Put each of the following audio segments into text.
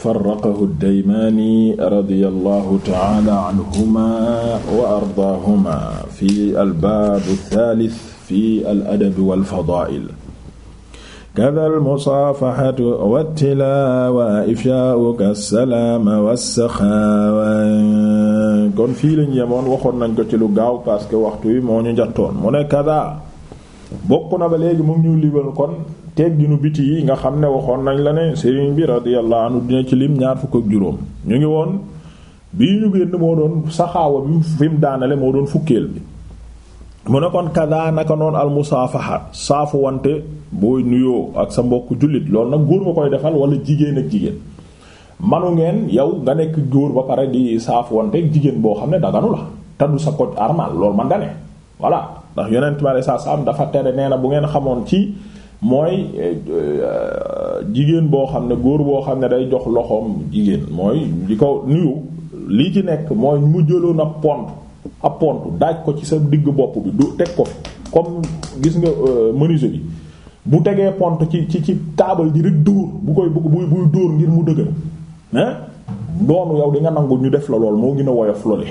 farraqahu daymaani radiyallahu ta'ala anhuma wa ardaahuma fi albaabu thaalith fi aladabi walfadaa'il kada almusaafahatu wattilaawa ifyaa'uka salaama wassaxaawa kon fii lañ yemoon waxoon nañ ko ci lu gaaw parce que waxtu wi moo ñu jattoon mu ne kada bokk na ba léegi mu ngi ñu libal kon tegginu biti yi nga xam ne waxoon nañ la ne sëriñ bi radiyallahu anhu dina ci lim ñaar fukk ak juróom ñu ngi woon bi ñu génn moo doon saxaawa bi fi daanale moo doon fukkeel bi mu ne kon kada naka noon al musaafaha wante booy nuyoo ak sa mbokk jullit lool nag góor nga koy defal wala jigéen ak jigéen manu ngeen yow nga nekk góor ba pare di saafu wante jigéen boo xam ne daganu la taddu sa koj armal loolu man nga ne ndax yeneen bi aleye saa salaam dafa na bu ngeen xamoon ci mooy euh, jigéen boo xam ne góor boo xam ne day jox loxoom jigéen mooy di ko nuyu lii ci nekk mooy mu jëloon ab pont ab pont daaj ko ci sa digg bopp bi du teg ko fi comme gis nga euh, menuisier bi bu tegee pont ci ci ci taabal ji du dóor bu koy buy buy dóor ngir mu dëgër hein doonu yow di nga nangu ñu def la lool moo gën a woyof lole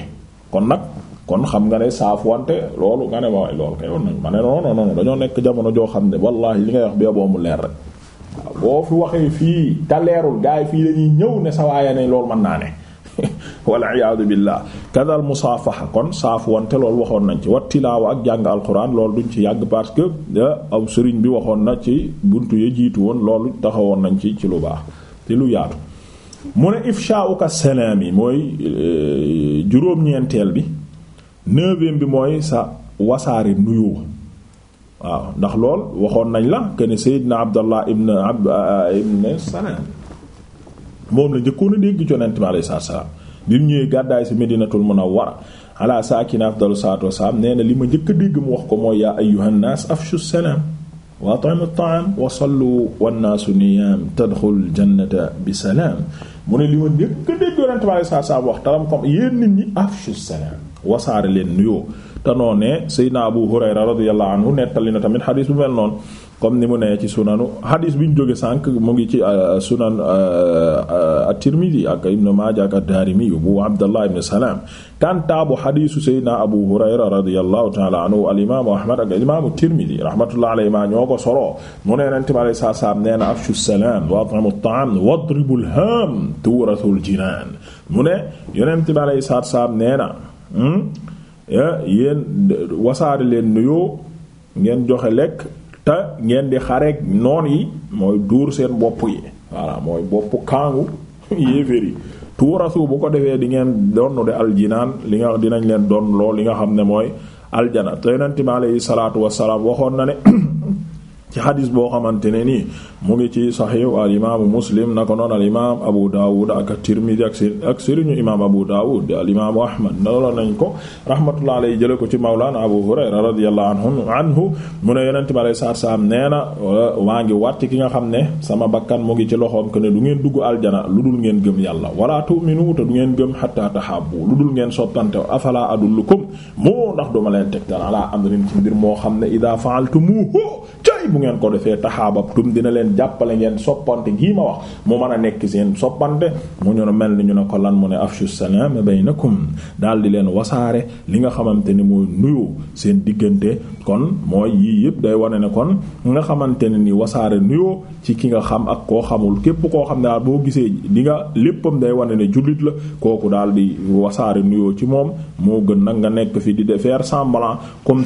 kon nag kon xam nga ne saaf wante loolu nga ne ma loolu kay woon nañ ma ne non non dañoo nekk jamono joo xam ne wallahi li ngay wax bee mu leer rek boo fi waxee fii te leerul gars yi fii dañuy ñëw ne sa waaya ne loolu man naa ne wal iyaadu billah kadal musaafaha kon saaf wante loolu waxoon nañ ci wat tilaawa ak jàng alquran loolu duñ ci yàgg parce que aw sëriñ bi waxoon na ci bunt ya jiitu woon loolu taxawoon nañ ci ci lu baax te lu yaatu mu ne ifshaa'uka mooy euh, juróom-ñeenteel bi neuvième bi mooy sa wasaare nuyoo waaw ndax lool waxoon nañ la kenn Seydina Abdallah ibn Abd euh, ibn Salam moom la njëkkoon a dégg yonent mi alayhi salaam bi mu ñëwee gàddaay si Medinatul Munawwara ala saakina afdalu salaatu li ma njëkk a dégg mu wax ko mooy yaa ayyuhan naas afshu salaam wa at'imu ta'aam wa wannaasu niyaam tadxul jannata bi salaam mu ne li ma njëkk a dégg yonent mi alayhi salaam wax taram comme yéen nit ñi afshu salaam wasaare leen nuyoo te noo ne Seydina Abu Hurayra radiyallahu anhu nettali na tamit xadiis bu mel noonu comme ni mu nee ci sunanu xadiis bi ñu jóge sànq mu ngi ci euh, sunan euh, at-Tirmidhi ak Ibn Maaja ak ad-Daarimi bu Abdallah ibn Salaam kanta bu xadiisu Seydina Abu Hurayra radiyallahu ta'ala anhu al-imaamu Ahmad ak al-imaamu Tirmidhi rahmatullahi alayhimaa ñoo ko solo mu nee nañ tamit saa saam nee na afshu salaam wa at'imu at-ta'aam wadribu al-haam tuwrathu al-jinaan mu ne yonent bi alayhi salaam nee na Hmm? yéen wasaare leen nuyoo ngeen joxe lekk te ngeen di xareek noon yi mooy duur seen bopp yi voilà mooy boppu kàngu yéeféer yi tuurasu bu ko defee di ngeen donn de aljinaan li nga dinañ leen donn lool li nga xam ne mooy aljana te yonent bi aleyhi salaatu wassalaam waxoon na ne ci xadis boo xamante ne nii mu ngi ci saxiix al imaamu muslim na ko noon al imaam abu daawud ak tirmidi ak sëriñu imaam abu daawud al imaamu ahmad nolo nañ ko rahmatullah alayhi jële ko ci mawlaana abu hurayra radiyallahu anhu anhu mu ne yonente bi alayhi salaatu salaam nee na waa ngi wàtti ki nga xam ne sama bakkan mu ngi ci loxoom ko ne du ngeen dugg aljana lu dul ngeen gëm yàlla wala tu'minu te du ngeen gëm hatta tahabbu lu dul ngeen soppante afala adullukum moo ndax duma leen tegtal ala amrin ci mbir moo xam ne ay bu ngeen ko defee taxaababtum dina leen jàppale ngeen soppante gii ma wax mu mën a nekk seen soppante mu ñu mel ni ñu ne ko lan mu ne afshu salaam baynakum daal di leen wasaare li nga xamante ni mooy nuyu seen diggante kon mooy yii yëpp day wane ne kon nga xamante ne ni wasaare nuyoo ci ki nga xam ak koo xamul képp koo xam ne daal boo gisee di nga léppam day wane ne jullit la kooku daal di wasaare nuyoo ci moom moo gën nag nga nekk fi di faire semblant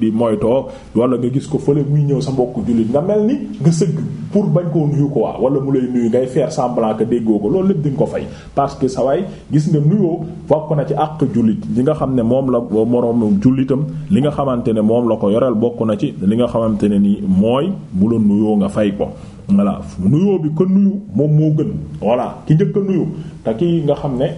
di jooytoo wala nga gis ko fële muy ñëw sa mbokk jullit nga mel ni nga sëgg pour bañ koo nuyu ko waa wala mu lay nuyu ngay faire semblant que déggoo ko loolu lépp di nga ko fay parce que sa waay gis nga nuyoo bokk na ci àq jullit li nga xam ne moom la moroom jullitam li nga xamante ne moom la ko yoreel bokk na ci li nga xamante ne nii mooy bu la nuyoo nga fay ko voilà nuyoo bi ko nuyu moom moo gën voilà ki njëkk a nuyu te ki nga xam ne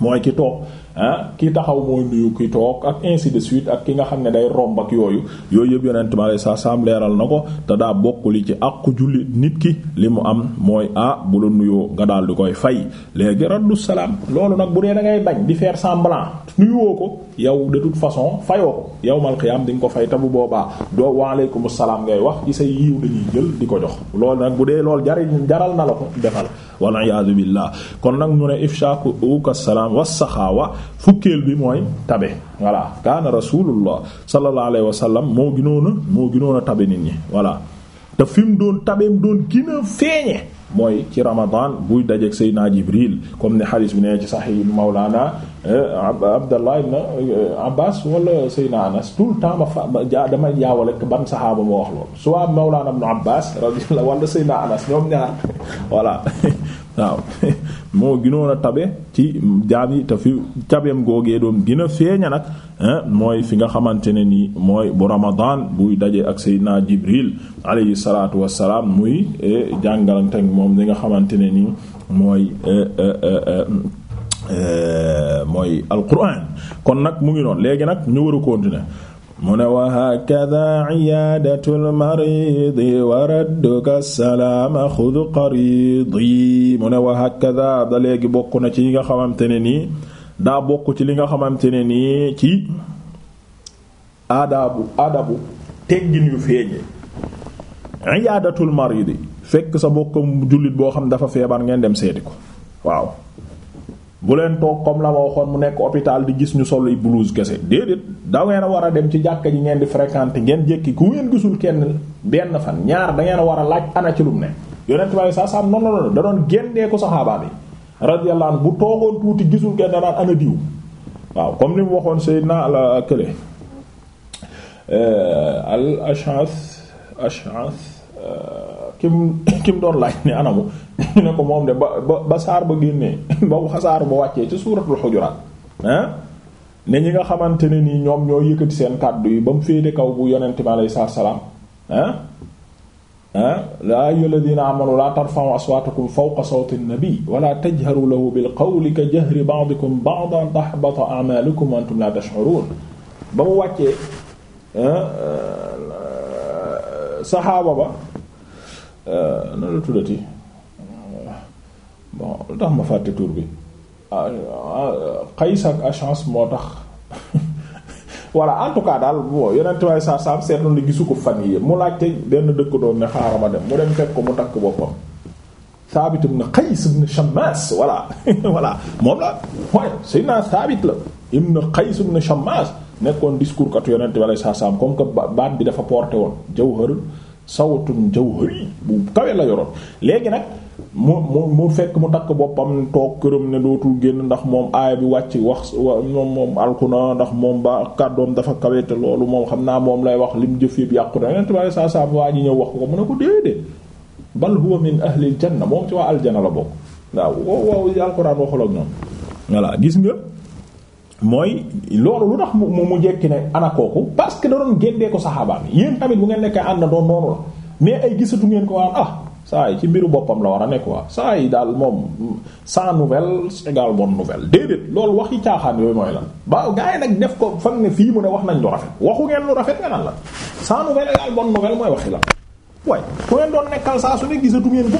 mooy ki toog ah ki taxaw mooy nuyu ki toog ak ainsi de suite ak ki nga xam ne day romb ak yooyu yooyu yëpp yonent ma lay sa saam na ko te daa bokk li ci àqu jullit nit ki li mu am mooy ah bu la nuyoo nga daal di koy fay léegi raddu salaam loolu nag bu dee da ngay bañ di faire semblant nuyoo ko yow de toute façon fayoo ko yawmal qiyaam di nga ko fay te bu boobaa doo waaleykum salaam ngay wax ci sa yiiw dañuy jël di ko jox loolu nag bu dee loolu jariñ jaral na la ko defal wal iyaadu billah kon nag ñu ne ifshaaku salaam wassaxaawa fukkeel bi mooy tabe voilà kaana rasulullah sallallahu alayhi wa sallam moo ginoona moo ginoona tabe nit ñi voilà te fi doon tabeem doon gën feeñe mooy ci ramadan buy dajeeg Seydina Jibril comme ni xadis bi sax ci Sahih Mawlana eh, Abdallah ibn eh, Abbas wala Seydina Anas tout le temps ma fa damay jaawale ban saxaaba ma wax loolu soit Mawlana ibn Abbas radiyallahu wala Seydina Anas ñoom ñaar voilà waaw moo gënoon a tabe ci jaam yi te fi tabeem googee doon gën feeña nag mooy fi nga xamante ne nii mooy bu Ramadan buy daje ak Seydina Jibril alayhi salaatu wassalaam muy eh, jàngalante moom li nga xamante ne nii mooy eh, eh, mooy alquran kon nag mu ngi noonu léegi nag ñu war a mu ne wa hakada ciyaadatu lmaridi wa radduka salaama xud qaridi mu ne wa hakada da léegi bokk na ci yi nga xamante ne nii daa bokk ci li nga xamante ne nii ci aadabu aadabu teggin yu feeñe iyaadatul maridi fekk sa bokkam jullit boo xam dafa feebar ngeen dem seeti ko waaw bu leen toog comme la ma waxoon mu nekk hôpital di gis ñu sol i blouse kese déedéet da ngeen war a dem ci jàkka ji ngeen di fréquenter ngeen jékki ku ngeen gisul kenn benn fan ñaar da ngeen war a laaj ana ci lu mu ne. yonent bi saa saa noonu la da doon génnee ko saxaaba bi radiyallahu anhu bu toogoon tuuti gisul kenn daan ana diw waaw comme li mu waxoon Seydina al euh, kële euh, al Ash'ath Ash'ath. Euh, kim kim doon laaj ne anamu ñu ko moom de ba ba ba saar ba génnee ba xasaar ba wàccee ci suuratul a ah ne ñi nga xamante ne nii ñoom ñoo yëkkati seen kàddu yi ba mu féete kaw bu yonent bi alayhi salaatu salaam ah ah yaa ayyuhal ladiina amanu laa tarfa'u aswaatakum fawqa sawti nabi wala tajharu lahu bil qawli ka wa antum laa tash'uruun ba mu wàccee saxaaba ba Euh, na la tuddati bon lu tax ma fàtte tur bi ah, ah, Qays ak Ash'as moo tax voilà en tout cas daal bon yonent waaye saa saam seetlu na gisu ko fan yi mu laajte benn dëkk doon ne xaaral ma dem mu dem fekk ko mu takk boppam Saabit ibn Qays ibn Shammas voilà voilà moom la waaye Seydina Saabit la ibn Qays ibn Shammas nekkoon discours kat yonent waaye saa saam comme que baat bi dafa porté woon jawhar sawtun jawhari bu kawe la yoroon léegi nag mu mu mu fekk mu takk boppam toog këram ne dootul génn ndax moom aaya bi wàcc wax moom moom alkuna ndax moom ba kàddoom dafa kawe te loolu moom xam naa moom lay wax lim jëf yëpp yàqu na yenn saa saa waa ji ñëw wax ko ko mu ne ko déedéet bal huwa min ahlil janna moom ci waa aljana la bokk waaw wow wow alquran waxul ak ñoom voilà gis nga. mooy loolu lu tax mu mu jekki ne ana kooku parce que da doon génnee ko saxaabaam yéen tamit bu ngeen nekkee ànd doon noonu la mais ay gisatu ngeen ko waan ah, saa ci mbiru boppam la war a nekk quoi saa yi daal moom sans nouvelle égale bonne nouvelle déedéet loolu waxi caaxaan yooyu mooy lan. ba gars nag def ko fag ne fii mu ne wax nañ lu rafet waxu ngeen lu rafet nga naan la sans la waaye ku ngeen doon nekkal saa su ne gisatu ngeen ko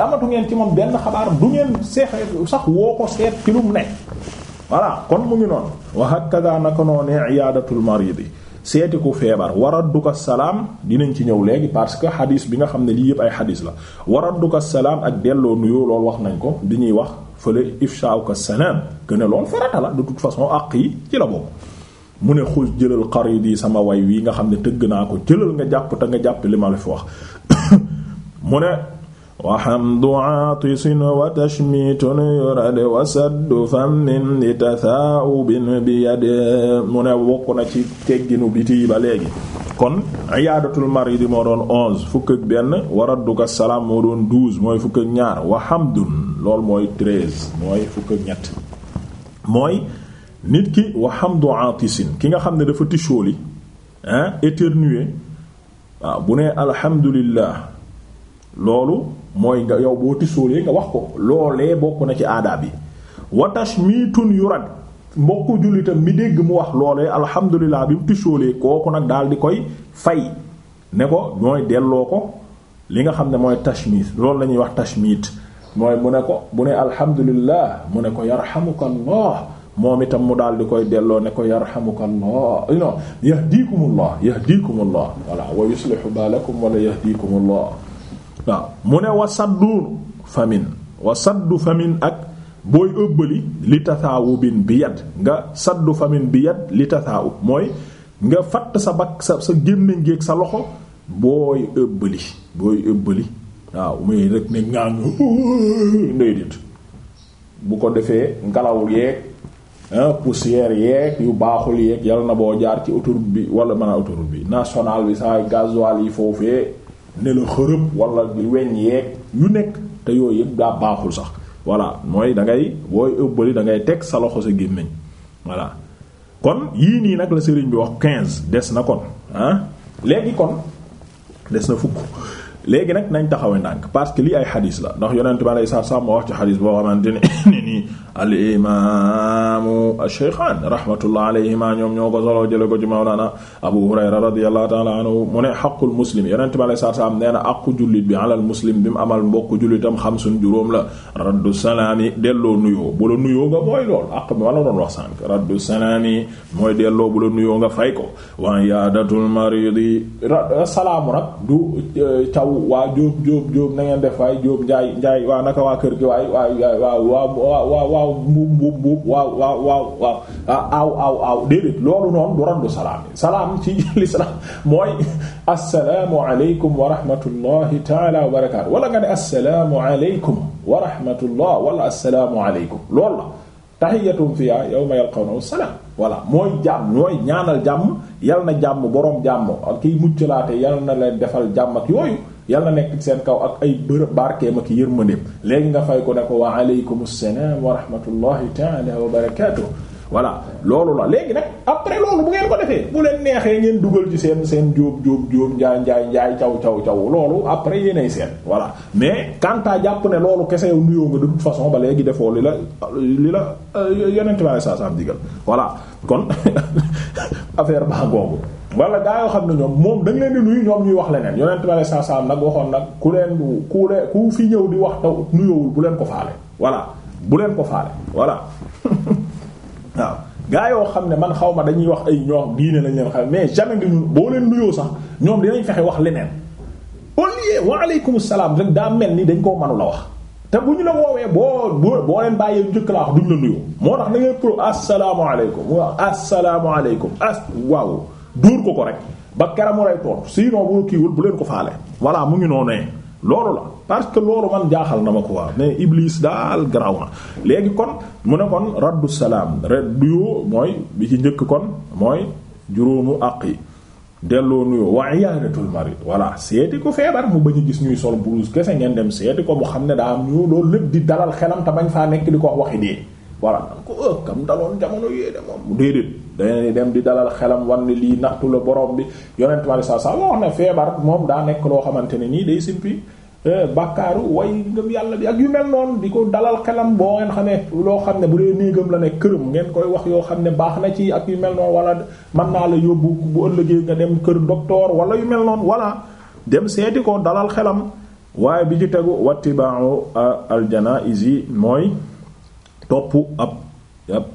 amatu ngeen ci moom benn xabaar du ngeen seexee sax woo ko seet ci lu mu nekk voilà kon mu ngi noonu wa hakada naka noonee iyaadatul maridi seeti ku feebar waradduka salaam dinañ ci ñëw léegi parce que xadis bi nga xam ne lii yëpp ay xadis la waradduka salaam ak delloo nuyoo loolu wax nañ ko di ñuy wax fële ifshauka ko que ne loolu farata la de toute façon àq yi ci la bokk. mu ne xul jëlal xarit yi sama way wii nga xam ne tëgg naa ko jëlal nga jàpp te nga jàpp li ma la fi wax mu ne waxamdu aatisin wa tashmitun yurad wa saddu fammin li tathaubin bi yade mu ne wokk na ci tegginu biti ba léegi kon iyaadatul maridi moo doon salaam moo doon mooy fukk ak ñaar waxamdun lool mooy treize mooy nit ki waxamdu aatisin ki nga xam ne dafa tisóoli éternuer waaw bu nee alhamdulillah loolu mooy nga yow boo tisoolee nga wax ko loolee bokk na ci aadaab yi wa yu yurad mbokk jullitam mi dégg mu wax loolee alhamdulilah bi mu tisoolee kooku nag daal di koy fay ne ko mooy delloo ko li nga xam ne mooy tashmit loolu la ñuy wax tashmit mooy mu ne ko bu ne alhamdulilah mu ne ko yarhamuka allah moom itam mu daal di koy delloo ne ko yarhamuka allah non yahdikumullah yahdikumullah wala wa yuslihu balakum wala yahdikumullah waaw mu ne famine wa wasaddu famin ak booy ëbbali li tasaawubin bi yad nga saddu famine bi yad li tasaawub mooy nga fatt sa bak sa sa gémmiñ gi sa loxo booy ëbbali booy ëbbali waaw muy rek ne ngaa ndey dit bu ko defee ngelaw yeeg poussière yeeg yu baaxul yeeg yal na boo jaar ci autoroute bi wala mën a autoroute bi national bi saa gasoil yi foofu ne la xërëb wala di weñ yeeg yu nekk te yooyu yëpp daa baaxul sax voilà mooy da ngay booy ëbbali da ngay teg sa loxo sa gémmiñ voilà kon yii nii nag la sëriñ bi wax 15 des na kon ah léegi kon des na fukk léegi nag nañ taxawee ndànk parce que lii ay xadis la ndax yonent bi alayhi salaam moo wax ci xadis boo xamante ne nii al imaamu ash-shaykhaan rahmatullah alayhima ñoom ñoo ko solo jële ko ci mawlana abu hurayra radiyallahu ta'ala mu ne xaqul muslim yonent bi alayhi salaam nee na aqu bi alal muslim bi mu amal mbokk jullitam xamsun juróom la raddu salaami delloo nuyoo bu nuyoo nga mooy lool aq bi ma la doon wax sànq raddu mooy delloo nuyoo nga fay ko wa yaadatul maridi waaw waa Diop Diop Diop na ngeen def waay Diop Ndiaye Ndiaye waaw naka waa kër gi waay waay waay waaw waaw waaw waaw mbuub mbuub mbuub waaw waaw waaw waaw aw aw aw déedéet loolu noonu du raddu salaam salaam ci lislaam mooy assalaamu aleykum wa rahmatullahi taala wa barakaatu wala nga ne assalaamu aleykum wa rahmatullah wala assalaamu aleykum loolu la tahiyatum fiha yawma yalqawnahu salaam voilà mooy jàmm mooy ñaanal jàmm yal na jàmm boroom jàmm ak kiy muccalaate yal na leen defal jàmm ak yooyu yàlla nekk seen kaw ak ay bërëb barkeem ma yërmandeem léegi nga fay ko ne ko wa aleykum salaam wa rahmatullahi taala wa barakaatu voilà loolu la léegi nag après loolu bu ngeen ko defee bu leen neexee ngeen dugal ci seen seen jóob jóob jóob njaay njaay njaay caw caw caw loolu après yéenay seen voilà mais quant jàpp ne loolu kese yow nuyoo nga de façon ba léegi defoo li la li la euh, yonent bi sallallahu alayhi wasallam digal voilà kon affaire baa boobu wala gaa yoo xam ne ñoom moom da nga leen di nuyu ñoom ñuy wax leneen yonent bi saa saa nag waxoon nag ku leen du ku leen ku fi ñëw di wax taw nuyowul bu leen ko faale voilà bu leen ko faale voilà waaw gaa yoo xam ne man xaw ma dañuy wax ay ñoom diine lañ leen xam mais jamais nga ñun boo leen nuyoo sax ñoom dinañ fexe wax leneen au lieu wa aleykum salaam rek daa mel ni dañ koo mënu la wax te bu ñu la woowee boo boo leen bàyyee njëkk la la moo tax da ngay pro asalaamaaleykum asalaamaaleykum as duur ko ko rek ba keramu lay tontu sinon bu kiiwul bu leen ko faale voilà mu ngi noonee loolu la parce que loolu man jaaxal na ma ko waa mais Iblis daal garaaw na léegi kon mu ne kon raddu salaam raddu yoo mooy bi ci njëkk kon mooy juróomu àq yi delloo nuyoo wa iyaadatul marid voilà seeti ko feebar mu bañ gis ñuy sol blouse kese ngeen dem seeti ko mu xam ne daa am ñu loolu lépp di dalal xelam te bañ faa nekk di ko wax waxi dee voilà nan ko ëh eh, kam daloon jamono yee de moom dem di dalal xelam wan ne lii nattu la borom bi yonent ma saa saa wax ne feebar moom daa nekk loo xamante ne nii day simpi eh, bàkkaaru way yàlla bi ak yu mel noonu di ko dalal xelam boo ngeen xamee loo xam ne bu dee néegam la ne këram ngeen wax yoo xam ne baax na ci ak yu mel noonu wala mën naa la yóbbu bu nga dem kër docteur wala yu mel noonu wala dem seeti ko dalal xelam waaye bi ci tegu wattibaa'u al janaa'izi mooy topp ab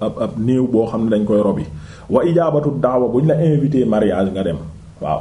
ab ab néew boo xam ne dañ koy robi wa ijaabatu daawa bu ñu la invité mariage nga dem waaw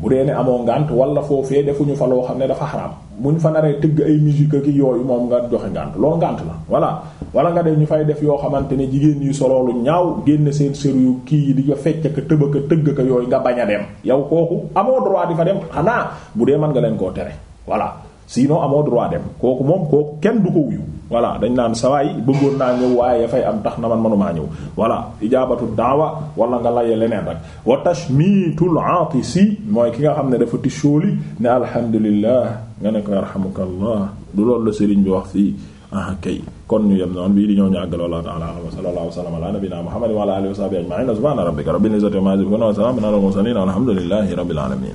bu dee ne amoo ngànt wala foofee defuñu fa loo xam ne dafa xaraam buñ fa naree tëgg ay musique ki yooyu moom nga joxe ngànt loo ngànt la voilà wala nga def ñu fay def yoo xamante ne jigéen yu soloolu ñaaw génn seen sëru yu kii yi di ko fecc ka tëb ka tëgg ka yooyu nga bañ a dem yow kooku amoo droit di fa dem xanaa bu dee mën nga leen koo tere voilà sinon amoo droit dem kooku moom kooku kenn du ko voilà dañ naan sawaay bëggoon naa ñëw waaye fay am tax na man manumaa ñëw voilà ijaabatu daawa wala nga laye leneen rek wa tashmiitul aatisi mooy ki nga xam ne dafa tisóoli ne alhamdulillah nga ne ko yarhamukallah du loolu la sëriñ bi wax fii ah kay kon ñu yem noonu bii di ñëw ñu àggal wallahu ta'ala wa sallallahu wa sallama ala nabiyyina muhammadin wa ala